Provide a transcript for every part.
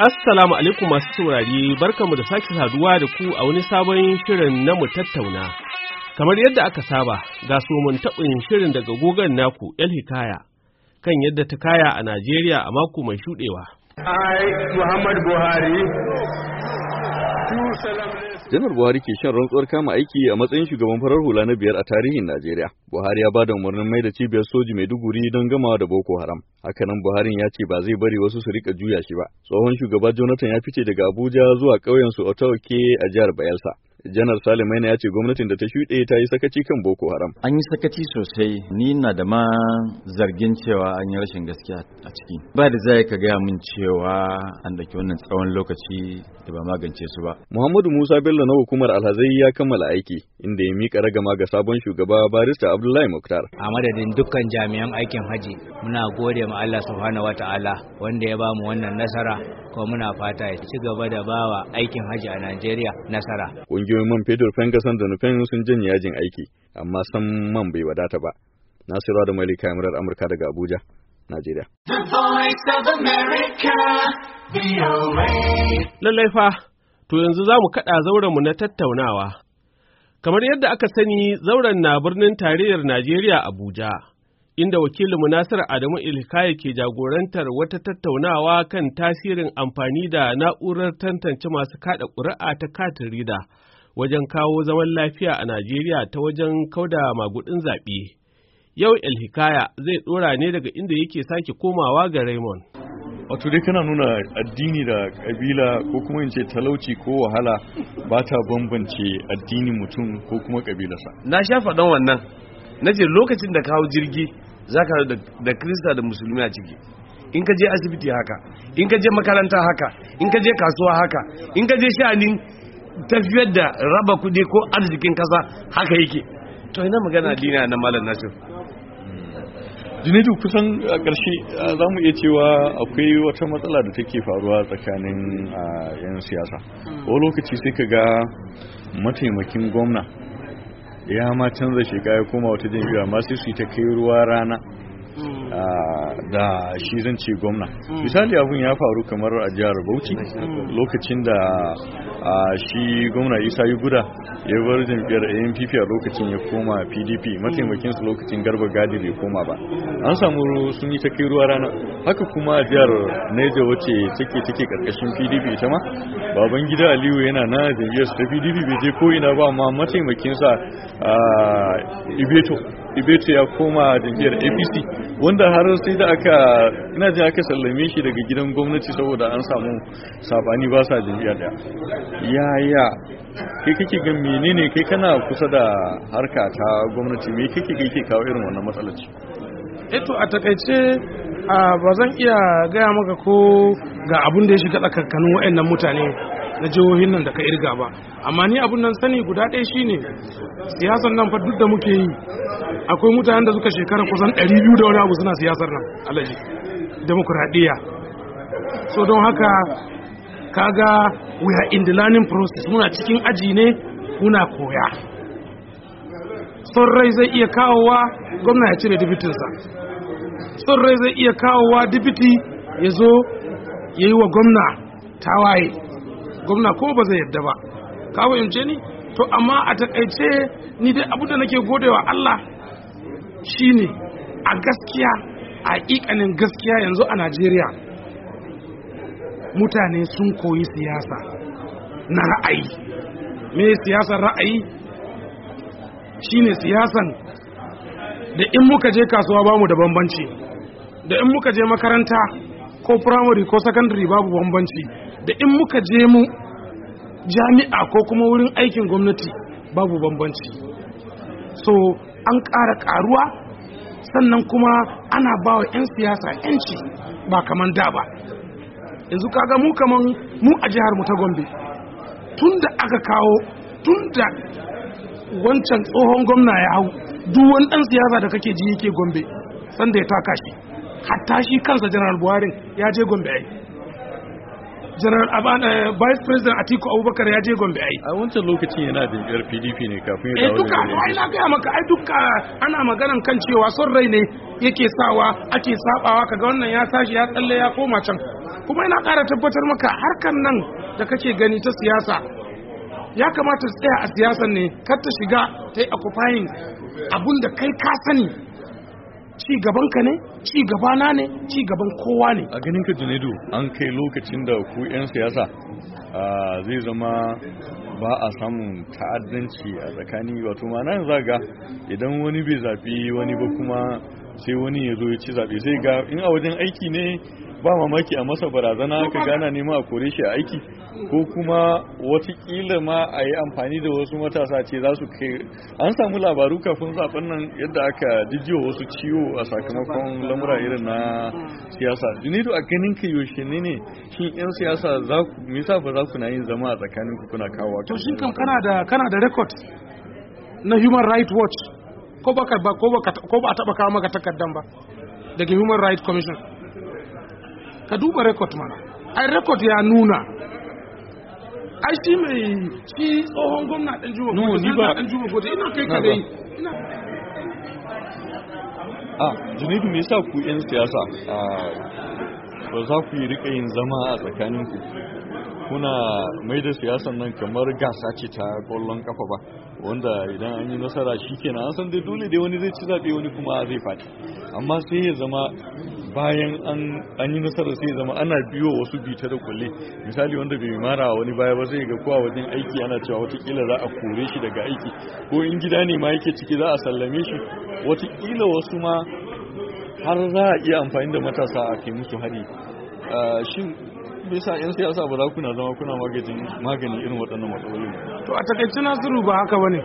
Assalamu alaikum masu saurari barkamu da sake saduwa da ku a wani sabon shirin na mu tattauna. Kamar yadda aka saba, ga mun taɓin shirin daga gogon naku El Hikaya kan yadda ta kaya a Najeriya a mako mai shuɗewa. Buhari, janar buhari ke shan rantsuwar kama aiki a matsayin shugaban farar hula na biyar a tarihin najeriya buhari ya ba da umarnin mai da cibiyar soji mai maiduguri don gamawa da boko haram hakanan buharin ya ce ba zai bari wasu su rika juya shi ba tsohon shugaba jonathan ya fice daga abuja zuwa ƙauyen su otauke a jihar bayelsa janar salimaina ya ce gwamnatin da ta shuɗe ta yi sakaci kan boko haram an yi sakaci sosai ni na da ma zargin cewa an yi rashin gaskiya a ciki ba da zai ka gaya min cewa an daki wannan tsawon lokaci da ba magance su ba muhammadu musa bello na hukumar alhazai ya kammala aiki inda ya mika ragama ga sabon shugaba barista abdullahi muktar a madadin dukkan jami'an aikin haji muna gode ma allah subhanahu wataala wanda ya bamu wannan nasara kuma muna fata ya ci gaba da bawa aikin haji a najeriya nasara Rijiyoyin man fetur fengasan da nufin sun janye yajin aiki, amma san man bai wadata ba. Nasiru da Malika kamarar Amurka daga Abuja, Najeriya. Lallai fa, to yanzu za mu kaɗa mu na tattaunawa. Kamar yadda aka sani, zauren na birnin tarayyar Najeriya Abuja, inda wakilinmu Nasiru Adamu Ilkaya ke jagorantar wata tattaunawa kan tasirin amfani da na'urar tantance masu kaɗa ƙuri'a ta katin rida wajen kawo zaman lafiya a Najeriya ta wajen kauda magudin zaɓe. Yau Elhikaya zai tsora ne daga inda yake sake komawa ga Raymond. Wato dai kana nuna addini da kabila ko kuma in ce talauci ko wahala ba ta bambance addinin mutum ko kuma ƙabilarsa. Na sha faɗan wannan, na ce lokacin da kawo jirgi za ka da Kirista da Musulmi a ciki. in ka je asibiti haka in ka je makaranta haka in ka je kasuwa haka in ka je sha'anin tafiyar da raba kudi ko arzikin kasa haka yake to ina magana dina na malam nasir junaidu kusan a ƙarshe za mu iya cewa akwai wata matsala da take faruwa tsakanin 'yan siyasa ko hmm. lokaci sai ka ga mataimakin gwamna ya ma canza shiga ya koma wata jam'iyya ma sai su ta kai ruwa rana hmm. da shi zan ce gwamna hmm. misali abun ya faru kamar a jihar bauchi lokacin da a shi gwamna isa yi guda ya bar jam'iyyar biyar a lokacin ya koma pdp mataimakin su lokacin garba gadi bai koma ba an samu sun yi ta kai ruwa rana haka kuma jihar naija wacce take take karkashin pdp ita ma baban gida aliyu yana na jam'iyyar ta pdp bai je ko ina ba amma mataimakin sa ibeto ibeto ya koma jam'iyyar apc wanda har sai da aka ina ji aka sallame shi daga gidan gwamnati saboda an samu sabani ba sa jam'iyyar daya yaya kai kake ga menene kai kana kusa da harka ta gwamnati me kake ga yake kawo irin wannan matsalar eto eh a takaice ba zan iya gaya maka ko ga abun da ya shiga tsakankanin waɗannan mutane na jihohin nan da ka irga ba amma ni abun nan sani guda ɗaya shine siyasar nan fa duk da muke yi akwai mutanen da suka shekara kusan 200 da wani abu suna siyasar nan alaji demokradiyya so don haka kaga we are in the learning process muna cikin aji ne muna koya son rai zai iya kawowa gwamna ya cire dibitinsa son rai zai iya kawowa dibiti ya zo ya yi wa gwamna tawaye gwamna ko ba zai yadda ba ka fahimce ni to amma a takaice ni dai abu da nake godewa Allah shine a gaskiya a ikanin gaskiya yanzu a Najeriya mutane sun koyi siyasa na ra'ayi me siyasar ra'ayi shine siyasan da in muka je kasuwa bamu da bambanci da in muka je makaranta ko firamare ko sakandare babu bambanci da in muka je mu jami'a ko kuma wurin aikin gwamnati babu bambanci so an ƙara ƙaruwa sannan kuma ana ba wa 'yan siyasa 'yanci ba kaman da ba yanzu kaga mu kamar mu a jihar mu ta gombe tun da aka kawo tun da wancan tsohon gwamna ya hau duk wani ɗan siyasa da kake ji yake gombe sanda ya taka shi hatta shi kansa janar buhari ya je gombe ai general abana eh, vice president atiku abubakar ya je gombe ai a wancan lokacin yana da biyar pdp ne kafin ya eh, dawo duka ai na gaya maka ai duka ana maganan kan cewa son rai ne yake sawa ake sabawa kaga wannan ya tashi ya tsalle ya koma can kuma ina ƙara tabbatar maka harkan nan da kake gani ta siyasa ya kamata tsaya a siyasan ne kar ta shiga ta yi occupying abun da kai ka sani ci gaban ka ne ci gabana ne ci gaban kowa ne a ganin ka junaidu an kai lokacin da ku 'yan siyasa zai zama ba a samun ta'addanci a tsakani wato ma nan zaga idan wani bai zafi wani ba kuma sai wani ya zo ya ci zaɓe sai ga in a wajen aiki ne ba mamaki a masa barazana ka gana nema a kore shi a aiki ko kuma watakila ma a yi amfani da wasu matasa ce za su kai an samu labaru kafin zaben nan yadda aka jijiyo wasu ciwo a sakamakon lamura irin na siyasa junaidu a ganin ka yaushe ne ne shi yan siyasa za ku misa ba za ku na yin zama a tsakanin ku kuna kawo to shi kam kana da kana da record na human rights watch ko ba ko ba a taba kawo maka takardan ba daga human rights commission ka duba record mana ai record ya nuna ai shi mai shi tsohon gwamna dan juma ko ni ba dan juma ko ina kai ka dai ina a ah, junaidu me yasa ku yan siyasa ah, ba za ku yi rika yin zama a tsakaninku kuna mai da siyasan nan kamar gasa ce ta kwallon kafa ba wanda idan an yi nasara shi kenan an san dai dole dai wani zai ci zaɓe wani kuma zai faɗi amma sai ya zama bayan an yi nasara sai zama ana biyo wasu bita da kulle misali wanda bai mara wani baya ba zai ga kowa wajen aiki ana cewa watakila za a kore shi daga aiki ko in gida ne ma yake ciki za a sallame shi watakila wasu ma har za a iya amfani da matasa a ke musu hari ah, shin bisa 'yan siyasa ba za na zama kuna magani irin waɗannan matsaloli to a takaicin nasiru ba haka bane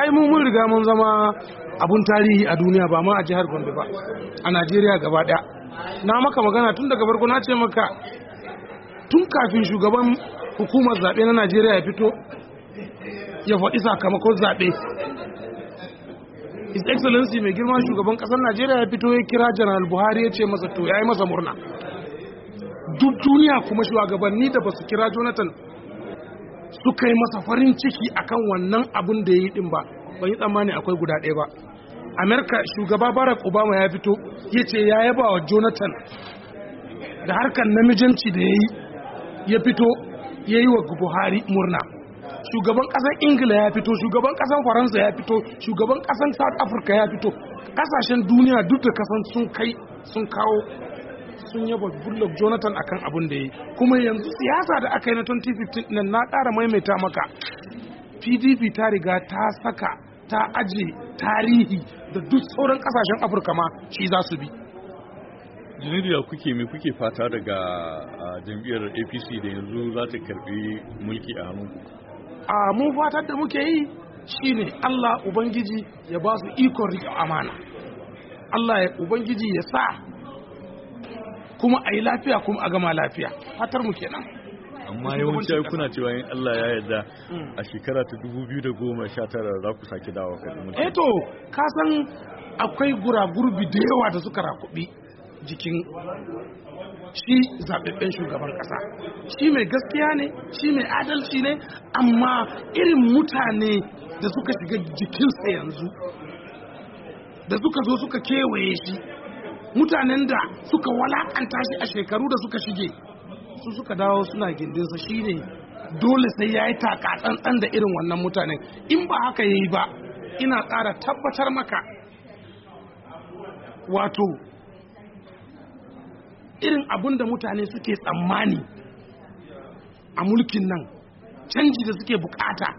ai mu mun riga mun zama abun tarihi a duniya ba ma a jihar gombe ba a najeriya gaba ɗaya na maka magana tun daga farko na ce maka tun kafin shugaban hukumar zaɓe na najeriya ya fito ya faɗi sakamakon zaɓe his excellency mai girman shugaban ƙasar najeriya ya fito ya kira general buhari ya ce masa to ya yi masa murna duk duniya kuma shugabanni da basu kira jonathan suka yi masa farin ciki akan wannan abun da ya yi din ba ban yi tsammani akwai guda ɗaya ba amerika shugaba barack obama ya fito ya ce ya yaba wa jonathan da harkar namijinci da ya yi ya fito ya yi wa buhari murna shugaban ƙasar ingila ya fito shugaban ƙasar faransa ya fito shugaban ƙasar south africa ya fito ƙasashen duniya duk da kasan sun kai sun kawo sun yaba bullock Jonathan akan abin da ya kuma yanzu siyasa da aka yi na 2015 nan na ƙara maimaita maka PDP ta riga ta saka ta aje tarihi da duk sauran kasashen Afirka ma shi za su bi Janariya kuke mai kuke fata daga jam'iyyar APC da yanzu za ta karbi mulki a hannunku? A mun fatar da muke yi shine Allah Ubangiji ya ba su ikon riƙe amana. Allah ya Ubangiji ya sa kuma a yi lafiya kuma a gama lafiya fatar mu kenan amma yawanci kuna cewa in Allah ya yarda hmm. a shekara ta 2019 za ku sake dawo mutum eh to ka san akwai guragurbi da yawa da suka rakubi jikin shi zaɓaɓɓen shugaban ƙasa shi mai gaskiya ne shi mai adalci ne amma irin mutane da suka shiga jikinsa yanzu da suka zo suka kewaye shi mutanen da suka walakanta shi a shekaru da suka shige su suka dawo suna gindinsa ne dole sai ya yi takatsantsan da irin wannan mutanen in ba haka ya yi ba ina ƙara tabbatar maka wato irin abin da mutane suke tsammani a mulkin nan canji da suke bukata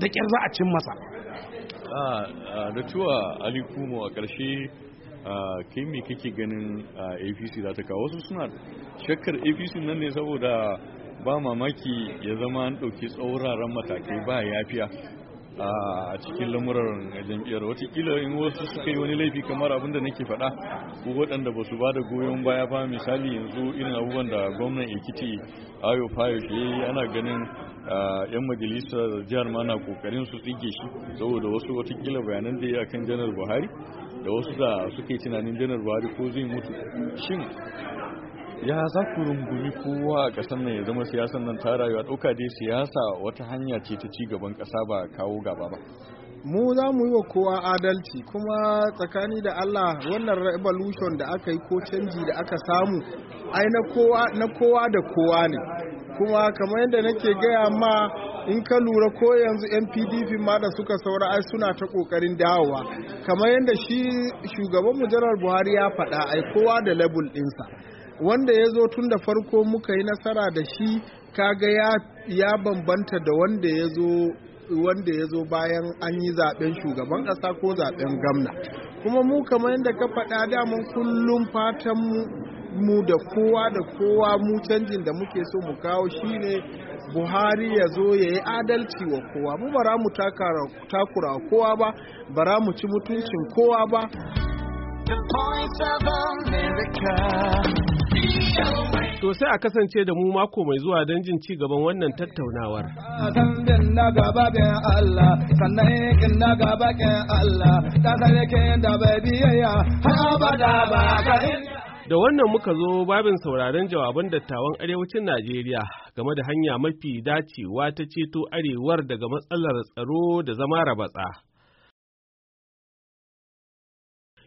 da ƙyar za a cin masa da ah, ah, tuwa alikumo a ƙarshe kai me kake ganin apc za ta kawo wasu suna shakkar apc nan ne saboda ba mamaki ya zama an ɗauki tsauraran matakai ba yafiya a cikin lamuran jam'iyyar watakila in wasu suka yi wani laifi kamar abin da nake faɗa ko waɗanda ba su ba da goyon baya ba misali yanzu irin abubuwan da gwamnan ekiti ayo fayo ke yi ana ganin yan majalisa jihar ma na kokarin su tsige shi saboda wasu watakila bayanan da ya akan janar buhari da wasu da suke tunanin janar buhari ko zai mutu shin ya za ku rungumi kowa a ƙasar nan ya zama siyasan nan ta rayuwa ɗauka dai siyasa wata hanya ce ta ci gaban ƙasa ba kawo gaba ba mu za mu yi wa kowa adalci kuma tsakani da Allah wannan revolution da aka yi ko canji da aka samu ai na kowa da kowa ne kuma kamar yadda nake gaya ma in ka lura ko yanzu yan pdp ma da suka saura ai suna ta kokarin dawowa kamar yadda shi shugaban mu janar buhari ya faɗa ai kowa da level ɗinsa wanda ya zo tun da farko muka yi nasara da shi kaga ya, bambanta da wanda ya zo wanda ya zo bayan an yi zaben shugaban ƙasa ko zaɓen gamna kuma mu kamar yadda ka faɗa daman kullum fatan mu da kowa da kowa mu canjin da muke so mu kawo shine buhari ya zo ya yi adalci wa kowa mu bara mu takura kowa ba bara mu ci mutuncin kowa ba To sai a kasance da mu mako mai zuwa don jin ci gaban wannan tattaunawar. Da wannan muka zo babin sauraron jawaban dattawan arewacin Najeriya game da hanya mafi dacewa ta ceto arewar daga matsalar tsaro da zama rabatsa.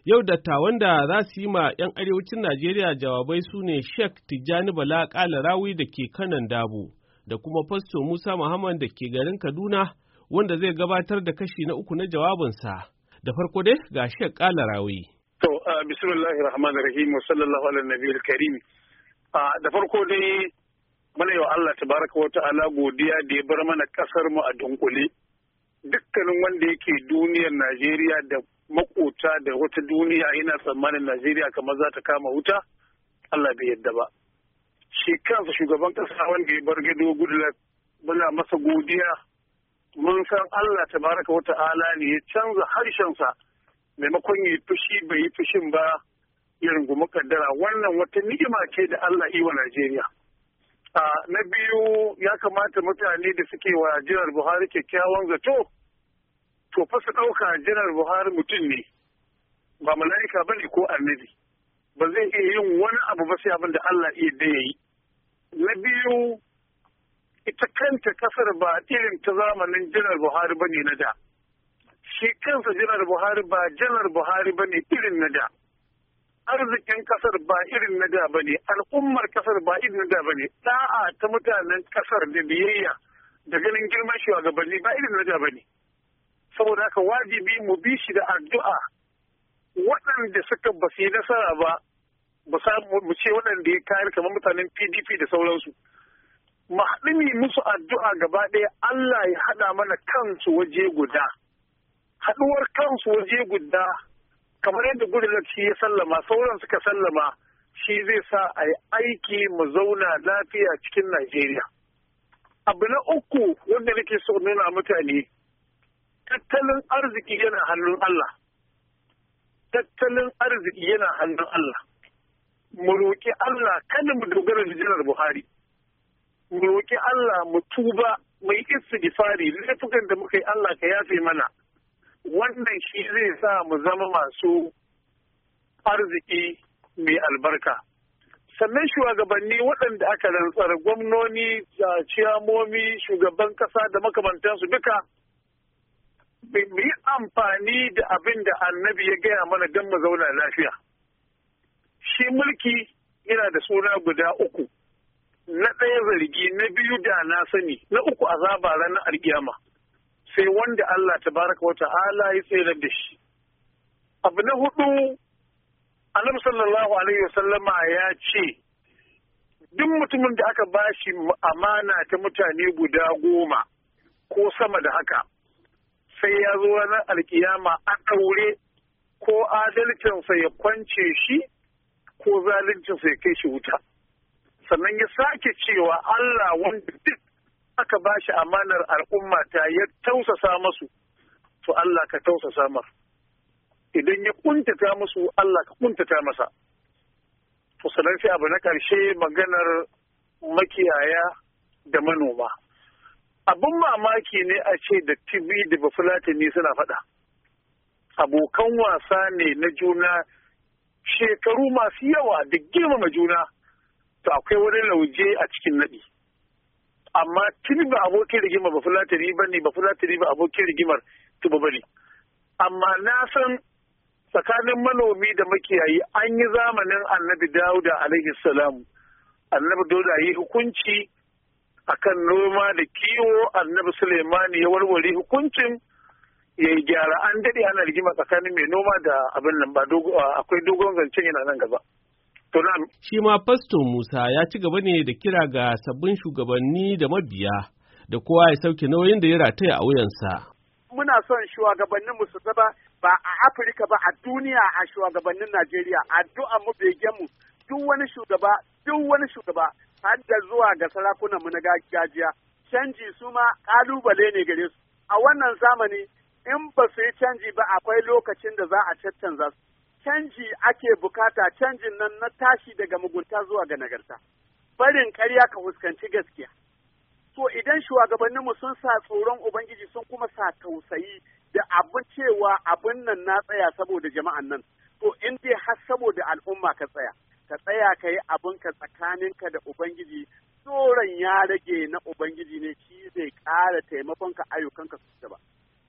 Yau dattawan da za su yi ma 'yan arewacin Najeriya jawabai su ne Sheikh Tijjani Bala Kalarawi da ke kanan dabo da kuma Fasto Musa Muhammad da ke garin Kaduna wanda zai gabatar da kashi na uku na jawabinsa. Da farko dai ga Sheikh Kalarawi. To, bismillahi rahmanir rahim wa sallallahu ala nabiyil karim. Da farko dai mana yau Allah Allah tabaraka wa ta'ala godiya da ya bar mana kasar mu a dunkule. Dukkanin wanda yake duniyar Najeriya da makota da wata duniya ina tsammanin Najeriya kamar za ta kama wuta Allah bai yadda ba shi kansa shugaban kasa wanda ya bar gado Goodluck muna masa godiya mun san Allah baraka wata ala ne ya canza harshensa maimakon ya fushi bai yi fushin ba ya rungumi kaddara wannan wata ni'ima ce da Allah iwa wa Najeriya na biyu ya kamata mutane da suke wa jihar Buhari kyakkyawan zato to fa su ɗauka janar buhari mutum ne ba mala'ika ba ne ko annabi ba zai iya yin wani abu ba sai abin da allah iya da ya yi na biyu ita kanta kasar ba irin ta zamanin janar buhari ba ne na da shi kansa janar buhari ba janar buhari ba ne irin na da arzikin kasar ba irin na da ba ne al'ummar kasar ba irin na da ba ne da'a ta mutanen kasar da biyayya da ganin girman shugabanni ba irin na da ba ne saboda haka wajibi mu bi shi da addu'a waɗanda suka ba su yi nasara ba ba mu ce waɗanda ya kayar kamar mutanen pdp da sauransu mu haɗumi musu addu'a gaba ɗaya allah ya haɗa mana kansu waje guda haɗuwar kansu waje guda kamar yadda gudunar shi ya sallama sauran suka sallama shi zai sa a yi aiki mu zauna lafiya cikin najeriya abu na uku wanda nake so nuna mutane tattalin arziki yana hannun Allah tattalin arziki yana hannun Allah mu roƙi Allah kada mu dogara da jinar Buhari mu roƙi Allah mu tuba mai istighfari laifukan da muka yi Allah ka yafe mana wannan shi zai sa mu zama masu arziki mai albarka sannan shugabanni waɗanda aka rantsar gwamnoni da shugaban ƙasa da makamantansu duka mu yi amfani da abin da annabi ya gaya mana don mu zauna lafiya. Shi mulki yana da suna guda uku, na ɗaya zargi, na biyu da na sani, na uku a azaba ranar alƙiyama. Sai wanda Allah ta baraka wa ta'ala ya tsere da shi. Abu na hudu, Annabi sallallahu alaihi wasallama ya ce, Duk mutumin da aka bashi amana ta mutane guda goma ko sama da haka, sai ya zo ranar alkiyama a ɗaure ko adalcinsa ya kwance shi ko zaluncinsa ya kai shi wuta sannan ya sake cewa Allah wanda duk aka ba shi amanar al'umma ta ya tausasa masu to Allah ka tausasa mar idan ya kuntata musu Allah ka kuntata masa to sannan sai abu na ƙarshe maganar makiyaya da manoma abin mamaki ne a ce da tv da bafulatani suna faɗa abokan wasa ne na juna shekaru masu yawa da girmama juna to akwai wani lauje a cikin naɗi amma tuni ba abokin rigimar ba fulatari ba ne ba fulatari ba abokin rigimar tuba ba ne amma na san tsakanin manomi da makiyayi an yi zamanin annabi dauda alaihi salam annabi dauda yi hukunci akan noma da kiwo annabi Suleimani ya warware hukuncin ya yi gyara an daɗe ana rigima tsakanin mai noma da abin nan ba akwai dogon zancen yana nan gaba. Shi ma Fasto Musa ya ci gaba ne da kira ga sabbin shugabanni da mabiya da kowa ya sauke nauyin da ya rataya a wuyansa. Muna son shugabannin mu su zaba ba a Afirka ba a duniya a shugabannin Najeriya addu'a mu begenmu duk wani shugaba duk wani shugaba har da zuwa ga sarakunan mu na gajiya, canji su ma kalubale ne gare su a wannan zamani in ba su yi canji ba akwai lokacin da za a caccanza su canji ake bukata canjin nan na tashi daga mugunta zuwa ga nagarta barin ƙarya ka fuskanci gaskiya to idan mu sun sa tsoron ubangiji sun kuma sa tausayi da abin cewa abin nan na tsaya saboda jama'an nan to in dai har saboda al'umma ka tsaya ka tsaya ka yi abinka tsakaninka da ubangiji tsoron ya rage na ubangiji ne shi zai ƙara taimakonka ayyukanka su gaba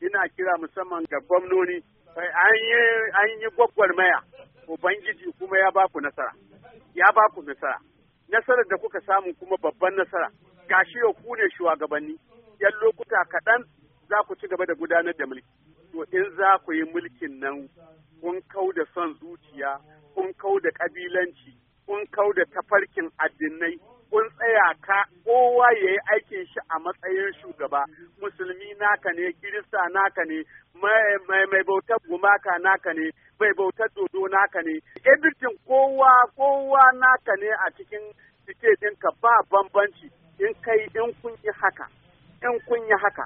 ina kira musamman ga gwamnoni an yi gwagwarmaya ubangiji kuma ya ba ku nasara ya ba ku nasara nasarar da kuka samu kuma babban nasara gashi yau ku ne shugabanni yan lokuta kaɗan za ku ci gaba da gudanar da mulki to in za ku yi mulkin nan kun kau da son zuciya kun kau da ƙabilanci, kun kau da tafarkin addinai, kun tsaya ka kowa ya yi aikin shi a matsayin shugaba, musulmi naka ne, kirista naka ne, mai bautar gumaka naka ne, mai bautar dodo naka ne, everything kowa kowa naka ne a cikin sike ɗinka ba bambanci in kai in kun yi haka.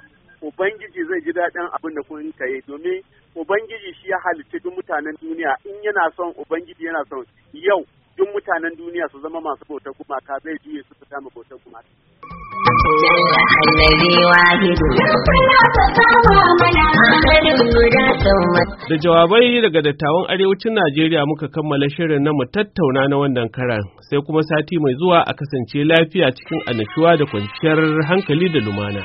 ubangiji zai ji daɗin abin da kun ka yi domin ubangiji shi ya halitta duk mutanen duniya in yana son ubangiji yana son yau duk mutanen duniya su zama masu bautar gumaka zai juye su fita ma bautar gumaka. Da jawabai daga dattawan arewacin Najeriya muka kammala shirin na mu tattauna na wannan karan sai kuma sati mai zuwa a kasance lafiya cikin annashuwa da kwanciyar hankali da lumana.